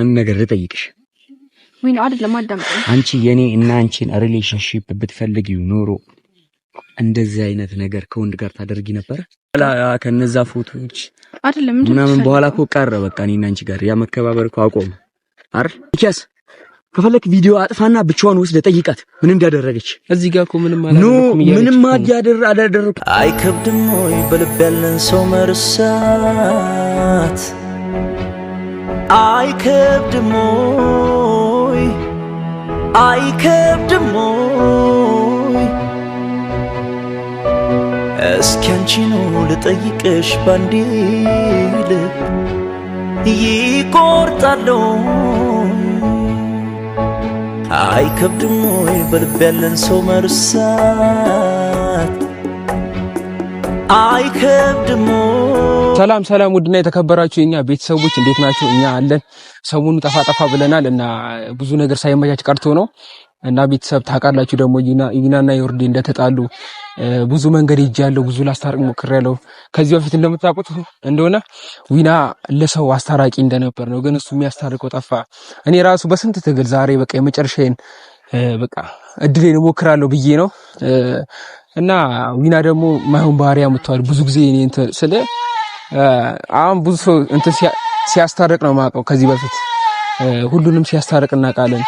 አንድ ነገር ልጠይቅሽ። ወይ አይደለም አዳምጪኝ። አንቺ የኔ እና አንቺን ሪሌሽንሺፕ ብትፈልጊው ኖሮ እንደዚህ አይነት ነገር ከወንድ ጋር ታደርጊ ነበር? አላ ከነዛ ፎቶዎች አይደለም እንዴ? ምናምን በኋላ እኮ ቀረ። በቃ እኔ እና አንቺ ጋር ያ መከባበር እኮ አቆመ አይደል? ኢኪያስ ከፈለክ ቪዲዮ አጥፋና ብቻዋን ውስጥ ለጠይቃት ምን እንዳደረገች። እዚህ ጋር እኮ ምንም ምንም አላደረኩም። አይከብድም ወይ በልብ ያለን ሰው መርሳት አይከብድሞይ አይከብድሞይ እስኪ አንቺኑ ልጠይቅሽ ባንዴ ልብ ይቆርጣለሁ አይከብድሞይ በልብ ያለን ሰው መርሳ አይከብድሞ ሰላም ሰላም፣ ውድና የተከበራችሁ የኛ ቤተሰቦች እንዴት ናቸው? እኛ አለን። ሰሞኑ ጠፋ ጠፋ ብለናል እና ብዙ ነገር ሳይመቻች ቀርቶ ነው እና ቤተሰብ ታውቃላችሁ ደግሞ ዩናና ዮርዲ እንደተጣሉ ብዙ መንገድ ያለው ብዙ ላስታርቅ ያለው ከዚህ በፊት እንደምታውቁት እንደሆነ ዊና ለሰው አስታራቂ እንደነበር ነው። ግን እሱ የሚያስታርቀው ጠፋ። እኔ ራሱ በስንት ትግል ዛሬ በቃ የመጨረሻዬን በቃ እድሌን እሞክራለሁ ብዬ ነው እና ዊና ደግሞ ማይሆን ባህሪያ ያመጣዋል። ብዙ ጊዜ ስለ አሁን ብዙ ሰው እንትን ሲያስታርቅ ነው የማውቀው። ከዚህ በፊት ሁሉንም ሲያስታርቅ እናውቃለን።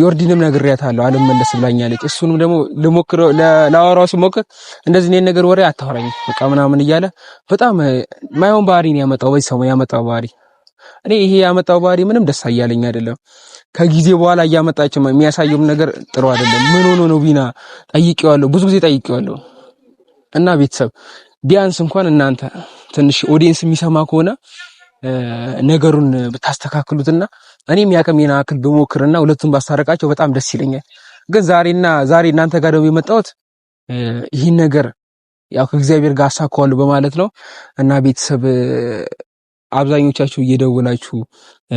ዮርዲንም ነግሬያታለሁ አልመለስ ብላኛለች። እሱንም ደግሞ ልሞክረው ለአወራው ስሞክር እንደዚህ እኔን ነገር ወሬ አታወራኝ በቃ ምናምን እያለ በጣም ማይሆን ባህሪ ነው ያመጣው። በዚህ ሰሞን ያመጣው ባህሪ እኔ ይሄ ያመጣው ባህሪ ምንም ደስ እያለኝ አይደለም። ከጊዜ በኋላ እያመጣችም የሚያሳየውም ነገር ጥሩ አይደለም። ምን ሆኖ ነው ቢና? ጠይቄዋለሁ፣ ብዙ ጊዜ ጠይቄዋለሁ። እና ቤተሰብ ቢያንስ እንኳን እናንተ ትንሽ ኦዲየንስ የሚሰማ ከሆነ ነገሩን ብታስተካክሉትና እኔም ያቅሜን ያክል ብሞክርና ሁለቱን ባስታረቃቸው በጣም ደስ ይለኛል። ግን ዛሬና ዛሬ እናንተ ጋር ደግሞ የመጣሁት ይህን ነገር ያው ከእግዚአብሔር ጋር አሳካዋለሁ በማለት ነው እና ቤተሰብ አብዛኞቻችሁ እየደወላችሁ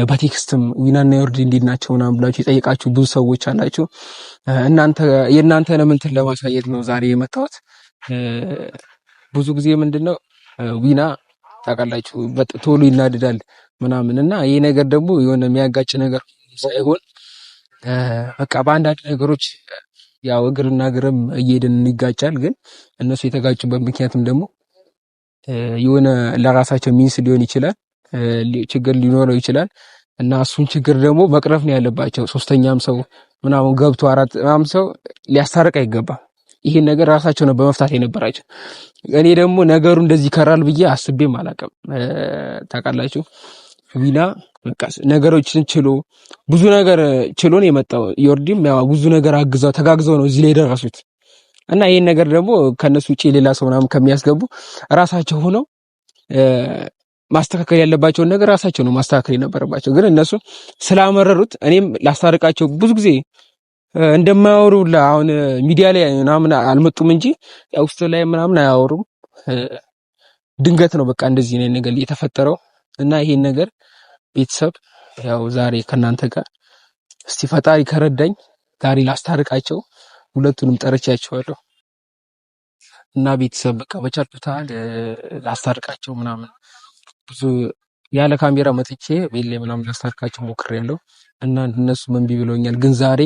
በቴክስትም ዊናና ዮርድ እንዴት ናቸው ምናምን ብላችሁ የጠየቃችሁ ብዙ ሰዎች አላችሁ። እናንተ የእናንተንም ምንትን ለማሳየት ነው ዛሬ የመጣሁት። ብዙ ጊዜ ምንድን ነው ዊና ታውቃላችሁ ቶሎ ይናድዳል ምናምን እና ይህ ነገር ደግሞ የሆነ የሚያጋጭ ነገር ሳይሆን በቃ በአንዳንድ ነገሮች ያው እግርና እግርም እየሄድን ይጋጫል። ግን እነሱ የተጋጩበት ምክንያትም ደግሞ የሆነ ለራሳቸው ሚንስ ሊሆን ይችላል ችግር ሊኖረው ይችላል እና እሱን ችግር ደግሞ መቅረፍ ነው ያለባቸው። ሶስተኛም ሰው ምናምን ገብቶ አራት ምናምን ሰው ሊያስታርቅ አይገባም። ይሄን ነገር ራሳቸው ነው በመፍታት የነበራቸው። እኔ ደግሞ ነገሩ እንደዚህ ይከራል ብዬ አስቤም አላውቅም። ታውቃላችሁ ዊና በቃ ነገሮችን ችሎ ብዙ ነገር ችሎ ነው የመጣው። ዮርዲም ያው ብዙ ነገር አግዘው ተጋግዘው ነው እዚህ ላይ የደረሱት እና ይሄን ነገር ደግሞ ከነሱ ውጭ ሌላ ሰው ምናምን ከሚያስገቡ ራሳቸው ሆነው ማስተካከል ያለባቸውን ነገር ራሳቸው ነው ማስተካከል የነበረባቸው። ግን እነሱ ስላመረሩት እኔም ላስታርቃቸው ብዙ ጊዜ እንደማያወሩ አሁን ሚዲያ ላይ ምናምን አልመጡም እንጂ ውስጥ ላይ ምናምን አያወሩም። ድንገት ነው በቃ እንደዚህ ነው ነገር የተፈጠረው እና ይሄን ነገር ቤተሰብ ያው ዛሬ ከእናንተ ጋር እስቲ ፈጣሪ ከረዳኝ ዛሬ ላስታርቃቸው ሁለቱንም ጠርቻቸዋለሁ እና ቤተሰብ በቃ በቻልኩታል ላስታርቃቸው ምናምን ብዙ ያለ ካሜራ መጥቼ ቤሌ ምናምን ላስታርካቸው ያለው እና እነሱ መንቢ ብለውኛል። ግን ዛሬ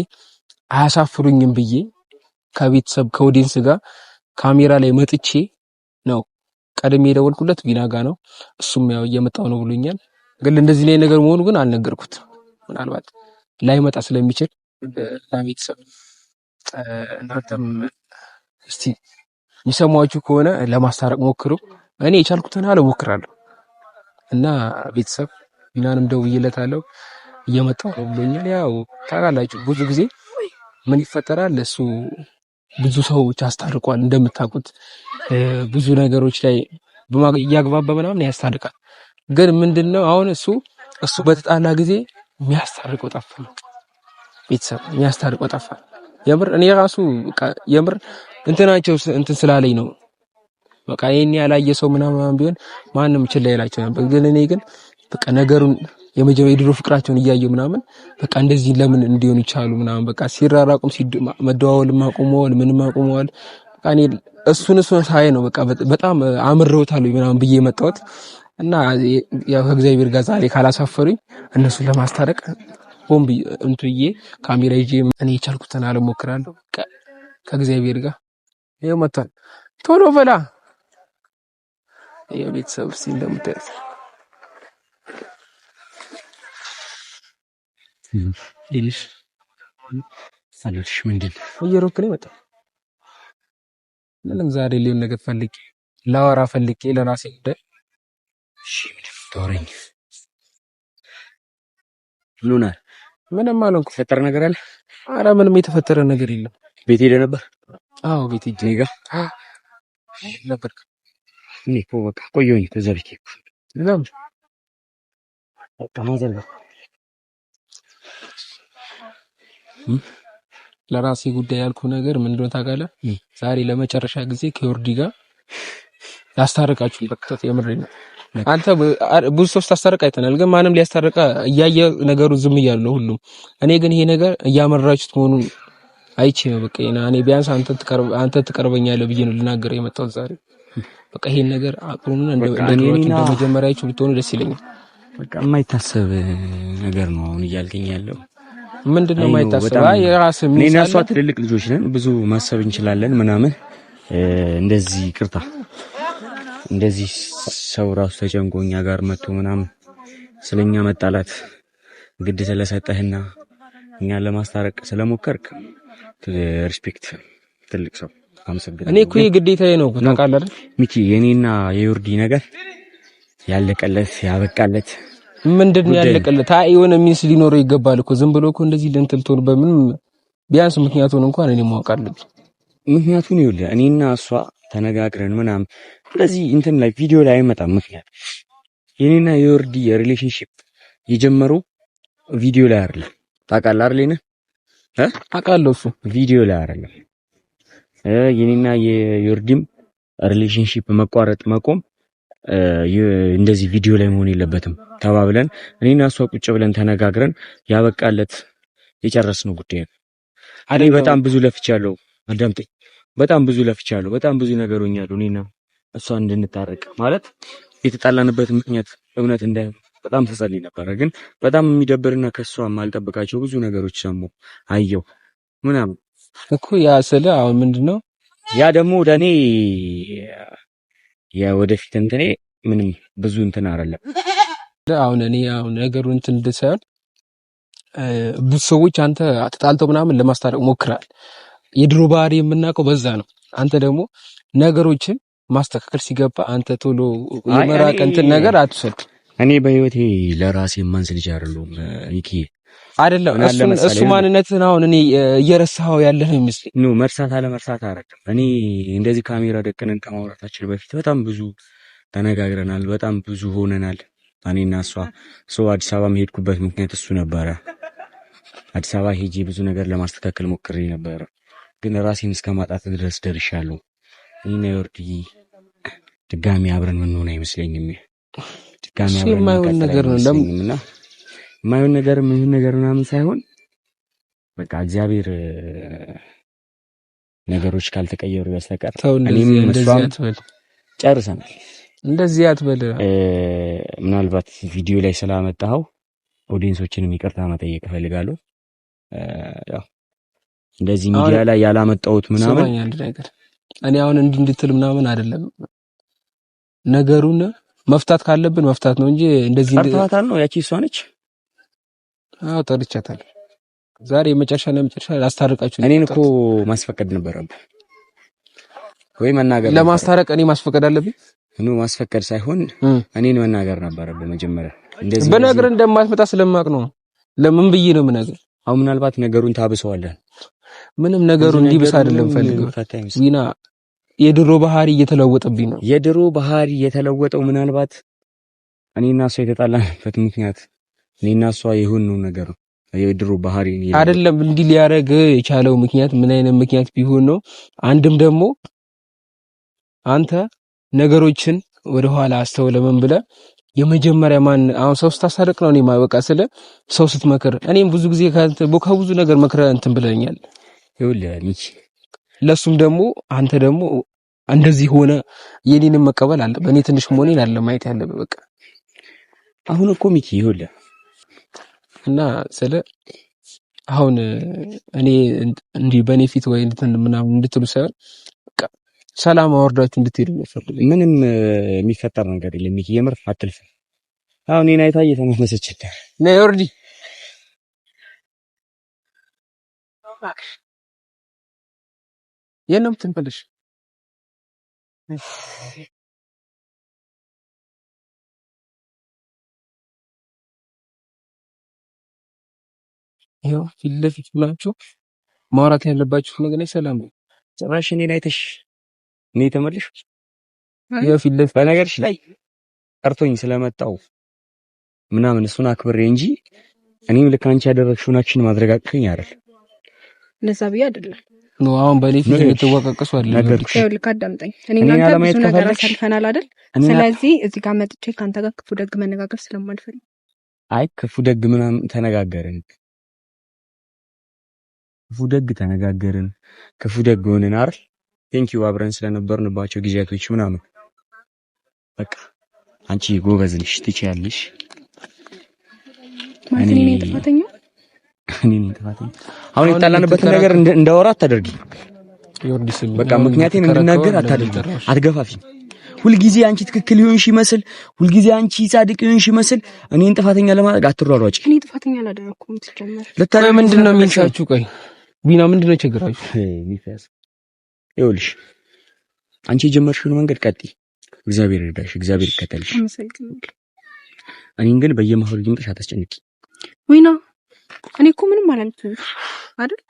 አያሳፍሩኝም ብዬ ከቤተሰብ ከኦዲንስ ጋር ካሜራ ላይ መጥቼ ነው ቀድሜ የደወልኩለት ቢና ጋ ነው። እሱም ያው እየመጣው ነው ብሎኛል። ግን እንደዚህ ላይ ነገር መሆኑ ግን አልነገርኩት። ምናልባት ላይመጣ ስለሚችል ለቤተሰብ እናንተም እስቲ የሚሰማችሁ ከሆነ ለማስታረቅ ሞክሩ። እኔ የቻልኩትን አለ ሞክራለሁ። እና ቤተሰብ ቢናንም ደውዬለታለሁ እየመጣሁ ነው ብሎኛል። ያው ታውቃላችሁ ብዙ ጊዜ ምን ይፈጠራል እሱ ብዙ ሰዎች አስታርቋል እንደምታውቁት ብዙ ነገሮች ላይ እያግባባ ምናምን ያስታርቃል። ግን ምንድን ነው አሁን እሱ እሱ በተጣላ ጊዜ የሚያስታርቀው ጠፋ ነው ቤተሰብ የሚያስታርቀው ጠፋ። የምር እኔ ራሱ የምር እንትናቸው እንትን ስላለኝ ነው በቃ ይሄን ያላየ ሰው ምናምን ቢሆን ማንም ችላ ይላቸው ነበር። ግን እኔ ግን በቃ ነገሩን የመጀመሪያ የድሮ ፍቅራቸውን እያየሁ ምናምን በቃ እንደዚህ ለምን እንዲሆን ይቻሉ ምናምን በቃ ሲራራቁም መደዋወልም አቁመዋል፣ ምንም አቁመዋል። በቃ እኔ እሱን እሱን ሳይ ነው በቃ በጣም አምረውታሉ ምናምን ብዬ የመጣሁት እና ያው ከእግዚአብሔር ጋር ዛሬ ካላሳፈሩኝ እነሱን ለማስታረቅ ቦምብ እንትዬ ካሜራ ይዤ እኔ የቻልኩትን አለ ከእግዚአብሔር ጋር ይኸው መጥቷል። ቶሎ በላ የቤተሰብ ሲ እንደምታያት ትንሽ ሳሎትሽ ምንድን እየሮክ ነው ይመጣ ምንም ዛሬ ሊሆን ነገር ፈልጌ ላወራ ፈልጌ ለራሴ ጉዳይ ዶረኝ ሉናር ምንም አልሆንኩም። የተፈጠረ ነገር አለ? አረ ምንም የተፈጠረ ነገር የለም። ቤት ሄደ ነበር? አዎ ቤት ሄጄ ነበር። እኔ እኮ በቃ ቆየሁኝ ተዘብኬ ለራሴ ጉዳይ ያልኩ ነገር ምን እንደሆነ ታውቃለህ? ዛሬ ለመጨረሻ ጊዜ ከዮርዲ ጋር ላስታርቃችሁ። በቃ የምሬ ነው። አንተ ብዙ ሰው ታስታርቅ አይተናል፣ ግን ማንም ሊያስታርቅ እያየ ነገሩ ዝም እያሉ ነው ሁሉም። እኔ ግን ይሄ ነገር እያመራችሁት መሆኑን አይቼ ነው። በቃ እኔ ቢያንስ አንተ ትቀርበኛለህ ብዬ ነው ልናገር የመጣሁት ዛሬ በቃ ይሄን ነገር አቅሩና እንደኔና እንደመጀመሪያችሁ ብትሆኑ ደስ ይለኛል። በቃ የማይታሰብ ነገር ነው አሁን እያልከኝ ያለው ምንድን ነው የማይታሰብ? አይ የራስ እኔና እሷ ትልልቅ ልጆች ነን፣ ብዙ ማሰብ እንችላለን ምናምን። እንደዚህ ቅርታ፣ እንደዚህ ሰው ራሱ ተጨንቆ እኛ ጋር መጥቶ ምናምን ስለኛ መጣላት ግድ ስለሰጠህና እኛን ለማስታረቅ ስለሞከርክ ሪስፔክት፣ ትልቅ ሰው አመሰግናለሁ። እኔ እኮ ግዴታዬ ነው እኮ ታውቃለህ አይደል ሚኪ፣ የኔና የዮርዲ ነገር ያለቀለት ያበቃለት ምንድን ነው ያለቀለት? አይ የሆነ ሚስ ሊኖረው ይገባል እኮ ዝም ብሎ እኮ እንደዚህ ለእንትልቶን በምን ቢያንስ ምክንያቱን እንኳን እኔ ማወቅ አለብኝ። ምክንያቱን ይውል እኔና እሷ ተነጋግረን ምናምን ስለዚህ እንትን ላይ ቪዲዮ ላይ አይመጣም ምክንያት የኔና የዮርዲ ሪሌሽንሺፕ የጀመረው ቪዲዮ ላይ አይደለም። ታውቃለህ አይደል? እኔ አውቃለሁ እሱ ቪዲዮ ላይ አይደለም የኔና የዮርዲም ሪሌሽንሺፕ መቋረጥ መቆም እንደዚህ ቪዲዮ ላይ መሆን የለበትም ተባብለን እኔና እሷ ቁጭ ብለን ተነጋግረን ያበቃለት የጨረስነው ጉዳይ ነው። እኔ በጣም ብዙ ለፍቻለሁ። አዳምጠኝ። በጣም ብዙ ለፍቻለሁ። በጣም ብዙ ነገር ሆኛለሁ። እኔና እሷ እንድንታረቅ ማለት የተጣላንበት ምክንያት እውነት እንዳይሆን በጣም ተጸልይ ነበረ። ግን በጣም የሚደብርና ከእሷ የማልጠብቃቸው ብዙ ነገሮች ሰሙ አየው ምናምን እኮ ያ ስለ አሁን ምንድነው ያ ደግሞ ለእኔ የወደፊት እንትኔ ምንም ብዙ እንትን አይደለም። አሁን እኔ አሁን ነገሩ እንትን ሳይሆን ብዙ ሰዎች አንተ ተጣልተው ምናምን ለማስታረቅ ሞክራል። የድሮ ባህሪ የምናውቀው በዛ ነው። አንተ ደግሞ ነገሮችን ማስተካከል ሲገባ አንተ ቶሎ የመራቅ እንትን ነገር አትሰጥ። እኔ በህይወቴ ለራሴ ማንስ ልጅ አይደለሁም ሚኪ አይደለም እሱ ማንነትህን አሁን እኔ እየረሳኸው ያለህ ነው የሚመስለኝ። ኑ መርሳት አለ መርሳት አረግም። እኔ እንደዚህ ካሜራ ደቅነን ከማውራታችን በፊት በጣም ብዙ ተነጋግረናል፣ በጣም ብዙ ሆነናል። እኔና እሷ ሰው አዲስ አበባ የሄድኩበት ምክንያት እሱ ነበረ። አዲስ አበባ ሄጄ ብዙ ነገር ለማስተካከል ሞክሬ ነበረ፣ ግን ራሴን እስከ ማጣት ድረስ ደርሻለሁ። እኔና ዮርድዬ ድጋሚ አብረን ምን ሆነ አይመስለኝም። ድጋሚ አብረን ነገር ነው የማይሆን ነገር ምን ነገር ምናምን ሳይሆን በቃ እግዚአብሔር ነገሮች ካልተቀየሩ በስተቀር እኔም እሷም ጨርሰናል። እንደዚህ አትበል። ምናልባት ቪዲዮ ላይ ስላመጣኸው ኦዲየንሶችንም ይቅርታ መጠየቅ እፈልጋለሁ። ያው እንደዚህ ሚዲያ ላይ ያላመጣሁት ምናምን አንድ ነገር እኔ አሁን እንዲህ እንድትል ምናምን አይደለም። ነገሩን መፍታት ካለብን መፍታት ነው እንጂ እንደዚህ ፈርታታል ነው ያቺ እሷ ነች። አዎ ጠርቻታለሁ። ዛሬ የመጨረሻ ለመጨረሻ ላስታርቃችሁ። እኔን እኮ ማስፈቀድ ነበረብህ ወይ መናገር። ለማስታረቅ እኔ ማስፈቀድ አለብኝ? ኑ ማስፈቀድ ሳይሆን እኔን መናገር ነበረብህ መጀመሪያ። እንደዚህ በነገር እንደማትመጣ ስለማቅ ነው። ለምን ብዬ ነው የምናገር? አሁን ምናልባት ነገሩን ታብሰዋለን። ምንም ነገሩን እንዲብስ አይደለም ፈልገው ዊና የድሮ ባህሪ እየተለወጠብኝ ነው። የድሮ ባህሪ የተለወጠው ምናልባት እኔና እሷ የተጣላንበት ምክንያት እኔና እሷ የሆነው ነገር ነው የድሮ ባህሪ አይደለም። እንዲህ ሊያደርግ የቻለው ምክንያት ምን አይነት ምክንያት ቢሆን ነው? አንድም ደግሞ አንተ ነገሮችን ወደ ኋላ አስተውለህ ምን ብለህ የመጀመሪያ ማን አሁን ሰው ስታሳርቅ ነው። እኔማ በቃ ስለ ሰው ስትመክር እኔም ብዙ ጊዜ ከብዙ ነገር መክረህ እንትን ብለኛል። ይኸውልህ ለእሱም ደግሞ አንተ ደግሞ እንደዚህ ሆነ የኔንም መቀበል አለ በእኔ ትንሽ መሆኔን አለ ማየት ያለ በቃ አሁን እኮ ሚኪ ይኸውልህ እና ስለ አሁን እኔ እንዲህ በእኔ ፊት ወይ እንትን ምናምን እንድትሉ ሳይሆን ሰላም አወርዳችሁ እንድትሄዱ ነው። ምንም የሚፈጠር ነገር የለም። የምር አትልፍ። አሁን እኔ አይታ እየተመመሰች ነይ ወርዲ የት ነው የምትንፈልሽ? ይኸው ፊት ለፊት ብላችሁ ማውራት ያለባችሁ ነገር ላይ ሰላም ነው። ጭራሽ እኔን አይተሽ እኔ ተመልሽ ይኸው ፊት ለፊት በነገርሽ ላይ ቀርቶኝ ስለመጣው ምናምን እሱን አክብሬ እንጂ እኔም ልክ አንቺ ያደረግሽውን አክሽን ማድረግ አቅቶኝ አይደል? እንደዛ ብዬ አይደለም ነው አሁን በሌ ፊት የምትወቀቅሱ አዳምጠኝ። እኔ እናንተ ብዙ ነገር አሳልፈናል አይደል? ስለዚህ እዚህ ጋር መጥቼ ከአንተ ጋር ክፉ ደግ መነጋገር ስለማልፈልግ አይ ክፉ ደግ ምናምን ተነጋገርን ክፉ ደግ ተነጋገርን፣ ክፉ ደግ ሆንን አይደል? ቴንኪው አብረን ስለነበርንባቸው ጊዜያቶች ምናምን። በቃ አንቺ ጎበዝ ነሽ፣ ትችያለሽ። እኔ ጥፋተኛ አሁን የተጣላንበትን ነገር እንዳወራ አታደርጊ። በቃ ምክንያቴን እንድናገር አታደርጊ፣ አትገፋፊ። ሁልጊዜ አንቺ ትክክል ይሆንሽ ይመስል፣ ሁልጊዜ አንቺ ጻድቅ ይሆንሽ ይመስል እኔን ጥፋተኛ ለማድረግ አትሯሯጪ። እኔ ጥፋተኛ አላደረኩም። ትጀምር ለታዲያ ምንድን ነው የሚንሻችሁ? ቆይ ቢና ምንድን ነው ችግራችሁ? ይኸውልሽ አንቺ የጀመርሽውን መንገድ ቀጥይ። እግዚአብሔር ይርዳሽ፣ እግዚአብሔር ይከተልሽ። እኔን ግን በየመሀሉ ድምፅሽ አታስጨንቂ። ዊና እኔ እኮ ምንም አላልኩም አይደል?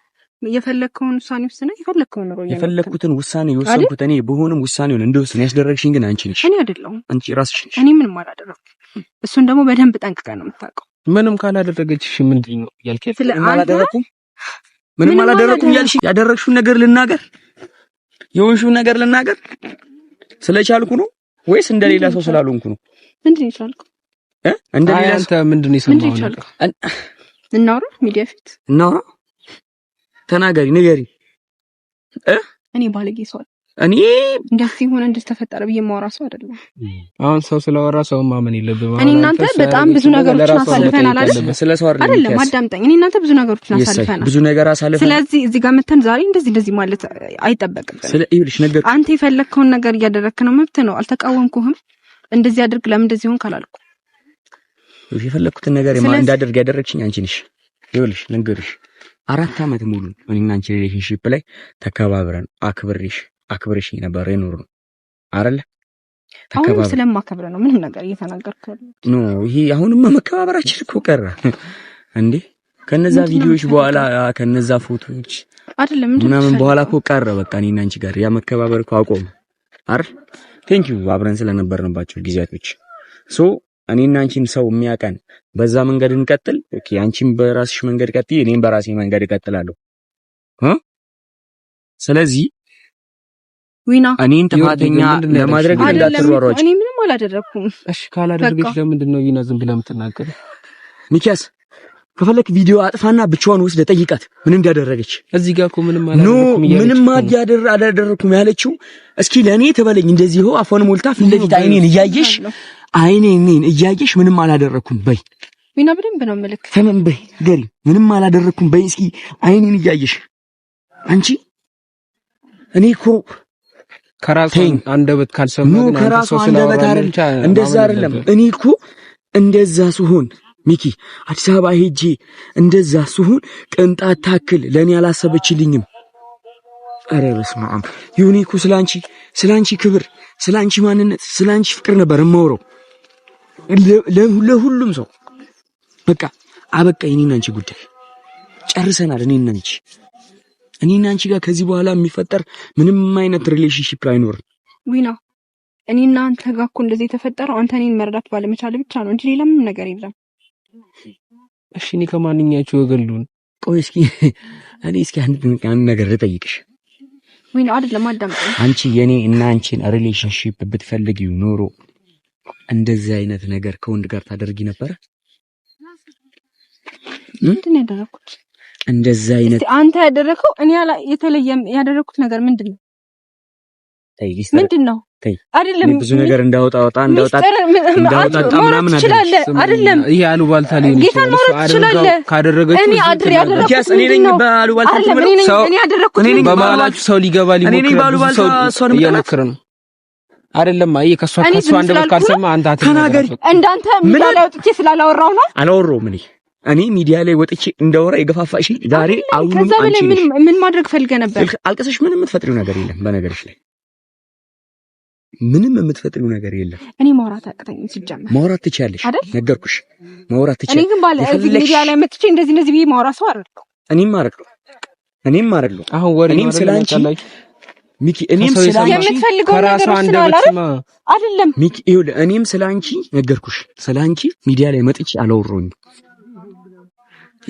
የፈለግከውን ውሳኔ ወስነ፣ የፈለግከውን ነው። የፈለግኩትን ውሳኔ የወሰንኩት እኔ ብሆንም ውሳኔውን እንደወስን ያስደረግሽኝ ግን አንቺ ነሽ። እኔ አይደለሁም፣ አንቺ ራስሽ ነሽ። እኔ ምንም አላደረኩም። እሱን ደግሞ በደንብ ጠንቅቀህ ነው የምታውቀው። ምንም ካላደረገችሽ ምንድን ነው ያልከኝ? አላደረኩም ምንም አላደረኩም ያልሽ ያደረግሽውን ነገር ልናገር፣ የሆንሽውን ነገር ልናገር ስለቻልኩ ነው ወይስ እንደሌላ ሰው ስላልሆንኩ ነው? ምንድን ይቻልኩ እ እንደሌላ አንተ ምንድን ነው ይሰማው? ይቻልኩ? እናውራ፣ ሚዲያ ፊት እናውራ፣ ተናገሪ፣ ንገሪ። እኔ ባለጌ ሰው እኔ እንደዚህ ሆነ እንደተፈጠረ ብዬ የማወራ ሰው አይደለም። አሁን ሰው ስለወራ ሰው ማመን የለብም። እኔ እናንተ በጣም ብዙ ነገሮችን አሳልፈናል አይደል? ስለ ሰው አይደለም። አዳምጠኝ። እኔ እናንተ ብዙ ነገሮችን አሳልፈናል፣ ብዙ ነገር አሳልፈናል። ስለዚህ እዚህ ጋር መተን ዛሬ እንደዚህ እንደዚህ ማለት አይጠበቅም። ነገር አንተ የፈለግከውን ነገር እያደረግክ ነው፣ መብት ነው። አልተቃወምኩህም። እንደዚህ አድርግ ለምን እንደዚህ ሆንክ አላልኩ። የፈለግኩትን ነገር እንዳደርግ ያደረግሽኝ አንቺ ነሽ። ይልሽ ነገርሽ አራት አመት ሙሉ እኔና አንቺ ሪሌሽንሽፕ ላይ ተከባብረን አክብሬሽ አክብርሽ ነበር የኖር ነው አይደለ? አሁንም ስለማከብረ ነው ምንም ነገር እየተናገርኩ ኖ። ይሄ አሁንማ መከባበራችን እኮ ቀረ እንዴ? ከነዛ ቪዲዮዎች በኋላ ከነዛ ፎቶዎች አይደለም ምናምን በኋላ እኮ ቀረ። በቃ እኔና አንቺ ጋር ያ መከባበር እኮ አቆም አይደል? ቴንክ ዩ አብረን ስለነበርንባቸው ጊዜያቶች ሶ እኔና አንቺን ሰው የሚያቀን በዛ መንገድ እንቀጥል። ኦኬ አንቺን በራስሽ መንገድ ቀጥይ፣ እኔም በራሴ መንገድ እቀጥላለሁ። ስለዚህ ዊና እኔን ጥፋተኛ ለማድረግ እንዳትሯሯጭ። እኔ ምንም አላደረኩም። እሺ ካላደረገች ለምንድን ነው ዊና ዝም ብለህ የምትናገር? ሚኪያስ ከፈለክ ቪዲዮ አጥፋና ብቻዋን ውስጥ ጠይቃት ምን እንዳደረገች። እዚህ ጋር እኮ ምንም አላደረኩም ምንም አላደረኩም ያለችው እስኪ ለእኔ ትበለኝ። እንደዚህ ይኸው አፏን ሞልታ ፊት ለፊት አይኔን እያየሽ አይኔን እያየሽ ምንም አላደረኩም በይ ዊና በደንብ ነው የምልክ። ተመን በይ ገሪ ምንም አላደረኩም በይ እስኪ አይኔን እያየሽ አንቺ እኔ እኮ ከራሱ አንደበት ካልሰማ ከራሱ አንደበት አይደል? እንደዛ አይደለም። እኔ እኮ እንደዛ ስሆን ሚኪ አዲስ አበባ ሄጄ እንደዛ ስሆን ቅንጣት ታክል ለእኔ አላሰበችልኝም። ኧረ በስመ አብ ይሁኔ እኮ ስላንቺ ስላንቺ ክብር፣ ስላንቺ ማንነት፣ ስላንቺ ፍቅር ነበር የማወራው ለሁሉም ሰው። በቃ አበቃ። የእኔና አንቺ ጉዳይ ጨርሰናል። እኔና አንቺ እኔና አንቺ ጋር ከዚህ በኋላ የሚፈጠር ምንም አይነት ሪሌሽንሽፕ አይኖርም። ዊና እኔና አንተ ጋር እኮ እንደዚህ የተፈጠረው አንተ እኔን መረዳት ባለመቻል ብቻ ነው እንጂ ሌላ ምንም ነገር የለም። እሺ እኔ ከማንኛችሁ ወገን ልሁን? ቆይ እስኪ እኔ እስኪ አንድ ነገር ልጠይቅሽ። ዊና አይደለም አዳምጥ። አንቺ የኔ እና አንቺን ሪሌሽንሽፕ ብትፈልጊው ኖሮ እንደዚህ አይነት ነገር ከወንድ ጋር ታደርጊ ነበረ? ምንድን ነው ያደረኩት? እንደዛ አይነት አንተ ያደረከው እኔ የተለየ ያደረኩት ነገር ምንድን ነው? ምንድን ነው? አይደለም ብዙ ነገር እንዳወጣ ወጣ እንዳወጣ እንዳወጣ ምናምን አይደለም። ይሄ አሉባልታ ላይ ካደረገችው እኔ አድር ያደረኩት እኔ ነኝ። በአሉባልታ ሰው እኔ ነኝ። በመሀላችሁ ሰው ሊገባ ሊሞክር ሰው እየነከረ ነው አይደለም። አይ ከሷ ከሷ አንደበት ካልሰማ አንተ አትናገሪ። እንዳንተ ምን አላወጥቼ ስላላወራው ነው አላወራው ምን እኔ እኔ ሚዲያ ላይ ወጥቼ እንዳወራ የገፋፋሽ ዛሬ አሁን ከዛ በላይ ምን ምን ማድረግ ፈልገ ነበር? አልቀሰሽ ምንም የምትፈጥሪው ነገር የለም። በነገርሽ ላይ ምንም የምትፈጥሪው ነገር የለም። እኔ ማውራት አቅተኝ ሲጀምር ማውራት ትችያለሽ፣ ነገርኩሽ። ማውራት ትችያለሽ። እኔ ግን ባለ እዚህ ሚዲያ ላይ መጥቼ እንደዚህ እንደዚህ ብዬ ማውራት ሰው አይደለም። እኔም ማረግ ነው እኔም ማረግ ነው አሁን ወሬ እኔም ስላንቺ ሚኪ እኔም ስላንቺ የምትፈልገው ነገር ስላላረ አይደለም ሚኪ፣ ይኸውልህ እኔም ስላንቺ ነገርኩሽ። ስላንቺ ሚዲያ ላይ መጥቼ አላወራሁኝ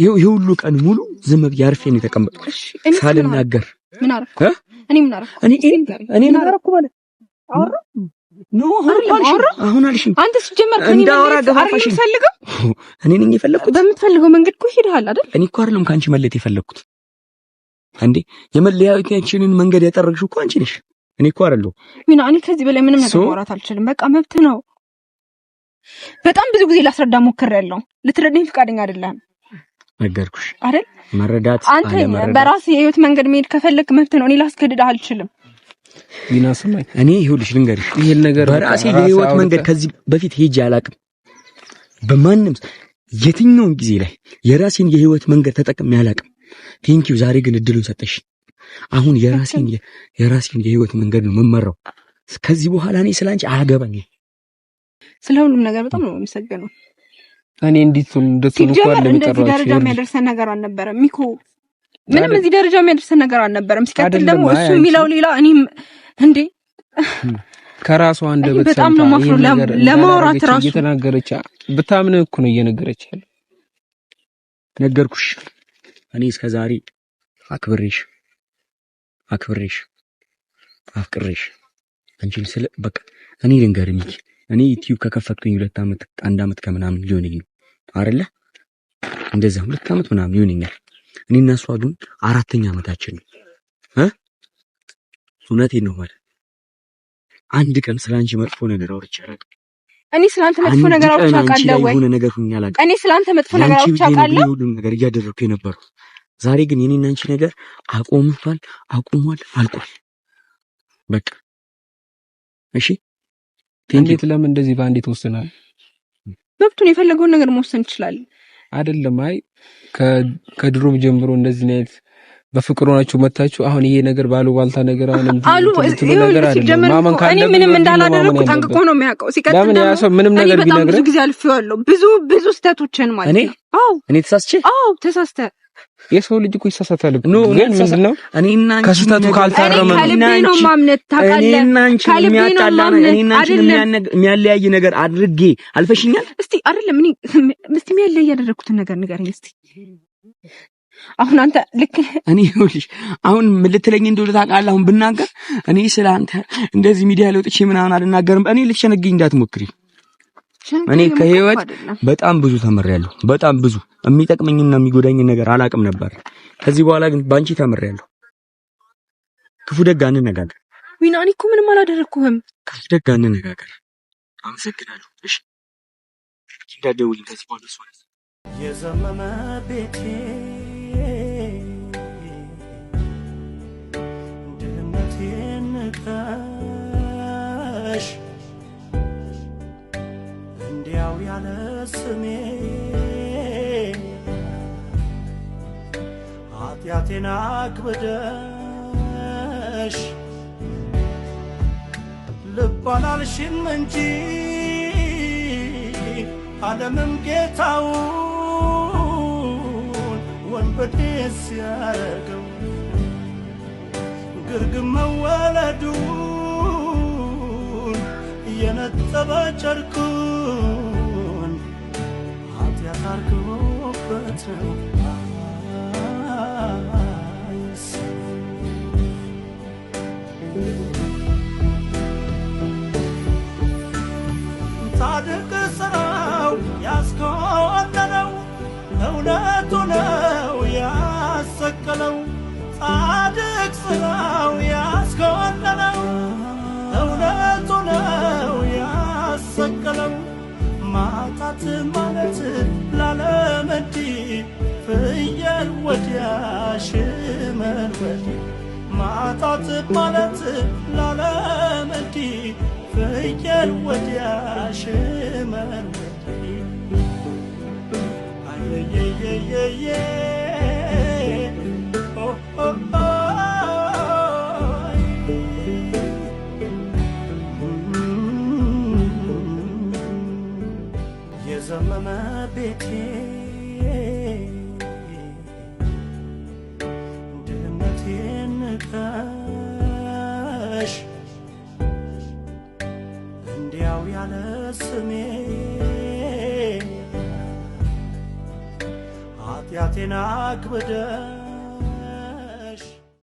የሁሉ ቀን ሙሉ ዝም ብዬ አርፌ ነው የተቀመጥኩት ሳልናገር። ምን አደረኩ እኔ? ምን አደረኩ እኔ? ምን አደረኩ እኔ ነኝ የፈለግኩት። በምትፈልገው መንገድ እኮ ሄደሃል አይደል? እኔ እኮ አይደለም ከአንቺ መለየት የፈለግኩት። እንዴ የመለያየታችንን መንገድ ያጠረግሽው እኮ አንቺ ነሽ፣ እኔ እኮ አይደለሁ። ሚና እኔ ከዚህ በላይ ምንም ነገር ማውራት አልችልም። በቃ መብት ነው። በጣም ብዙ ጊዜ ላስረዳ ሞክሬያለሁ። ልትረዳኝ ፈቃደኛ አይደለም። ነገርኩሽ አይደል? መረዳት አንተ በራስህ የህይወት መንገድ መሄድ ከፈለክ መብት ነው። እኔ ላስገድድ አልችልም። ቢናስማኝ እኔ ይኸውልሽ ልንገርሽ፣ ይሄን ነገር በራሴ የህይወት መንገድ ከዚህ በፊት ሄጄ አላውቅም። በማንም የትኛውም ጊዜ ላይ የራሴን የህይወት መንገድ ተጠቅም ተጠቅሜ አላውቅም። ዩ ዛሬ ግን እድሉን ሰጠሽ። አሁን የራሴን የራሴን የህይወት መንገድ ነው የምመራው። ከዚህ በኋላ እኔ ስላንቺ አያገባኝም። ስለ ነገር በጣም ነው የሚሰገነው። እኔ እንዴት ነው እንደዚህ ደረጃ የሚያደርሰን ነገር አልነበረም ሚኮ። ምንም እዚህ ደረጃ የሚያደርሰን ነገር አልነበረም። ሲቀጥል ደግሞ እሱ የሚለው ሌላ፣ እኔም እንዴ ከራሱ አንደበት በጣም ነው ማፍሩ ለማውራት ራሱ እየተናገረች ብታምን እኮ ነው እየነገረች ያለ። ነገርኩሽ እኔ እስከዛሬ አክብሬሽ አክብሬሽ አፍቅሬሽ አንቺን ስለ በቃ እኔ ልንገር ሚኪ እኔ ዩቲዩብ ከከፈትኩኝ ሁለት ዓመት አንድ ዓመት ከምናምን ሊሆነኝ ነው አይደለ? እንደዛ ሁለት ዓመት ምናምን ሊሆነኛል። እኔ እና እሷ ግን አራተኛ ዓመታችን ነው። እውነቴን ነው ማለት አንድ ቀን ስለ አንቺ መጥፎ ነገር አውርቼ አላውቅም። እኔ ስላንተ መጥፎ ነገር አውርቼ አውቃለሁ ወይ? እኔ ስላንተ መጥፎ ነገር አውርቼ አውቃለሁ? ሁሉም ነገር እያደረግኩ የነበረው ዛሬ ግን የኔና አንቺ ነገር አቆምፋል፣ አቁሟል፣ አልቋል። በቃ እሺ እንዴት ለምን እንደዚህ በአንዴ ትወስናል? መብቱን የፈለገውን ነገር መወሰን ይችላል። አይደለም አይ ከድሮም ጀምሮ እንደዚህ አይነት በፍቅሩ ሆናችሁ መታችሁ። አሁን ይሄ ነገር ባሉ ባልታ ነገር አሁን አሉ ነገር ማመን ካለ እኔ ምንም እንዳላደረኩ ጠንቅቆ ነው የሚያውቀው። ሲቀጥል ያ ሰው ምንም ነገር ቢነግረኝ ብዙ ጊዜ አልፌዋለሁ። ብዙ ብዙ ስህተቶችን ማለት ነው። አዎ እኔ ተሳስቼ፣ አዎ ተሳስተ የሰው ልጅ እኮ ይሳሳታል። ግን ምንድን ነው ከስህተቱ ካልታረመ እኔና የሚያጣላ እኔና አንቺን የሚያለያይ ነገር አድርጌ አልፈሽኛል። እስቲ አይደለም እኔ እስቲ የሚያለያይ ያደረግኩትን ነገር ንገረኝ እስቲ። አሁን አንተ ልክ እኔ ይኸውልሽ፣ አሁን ልትለኝ እንደሆነ ታውቃለህ። አሁን ብናገር እኔ ስለ አንተ እንደዚህ ሚዲያ ላይ ወጥቼ ምናምን አልናገርም። እኔ ልትሸነግኝ እንዳትሞክሪ እኔ ከህይወት በጣም ብዙ ተምሬያለሁ። በጣም ብዙ የሚጠቅመኝና የሚጎዳኝን ነገር አላቅም ነበር። ከዚህ በኋላ ግን በአንቺ ተምሬያለሁ። ክፉ ደግ አንነጋገር ዊና። እኔ እኮ ምንም አላደረግኩህም። ክፉ ደግ አንነጋገር። አመሰግናለሁ። እሺ እንዳትደውይልኝ ከዚህ በኋላ የዘመመ ቤቴ ድህነቴ ንቀሽ ያነስ ስሜ ኃጢአቴን አክብደሽ ልብ አላልሽም እንጂ ዓለምም ጌታውን ወንበዴ ሲያረገው ግርግም መወለዱን የነጠበ ጨርቁን gotta go over town. ማለት ላለመዲ ፍየል ወዲያ ሽመርመዲ አየየየየየ የዘመመ ቤቴ ፊቴን አክብደ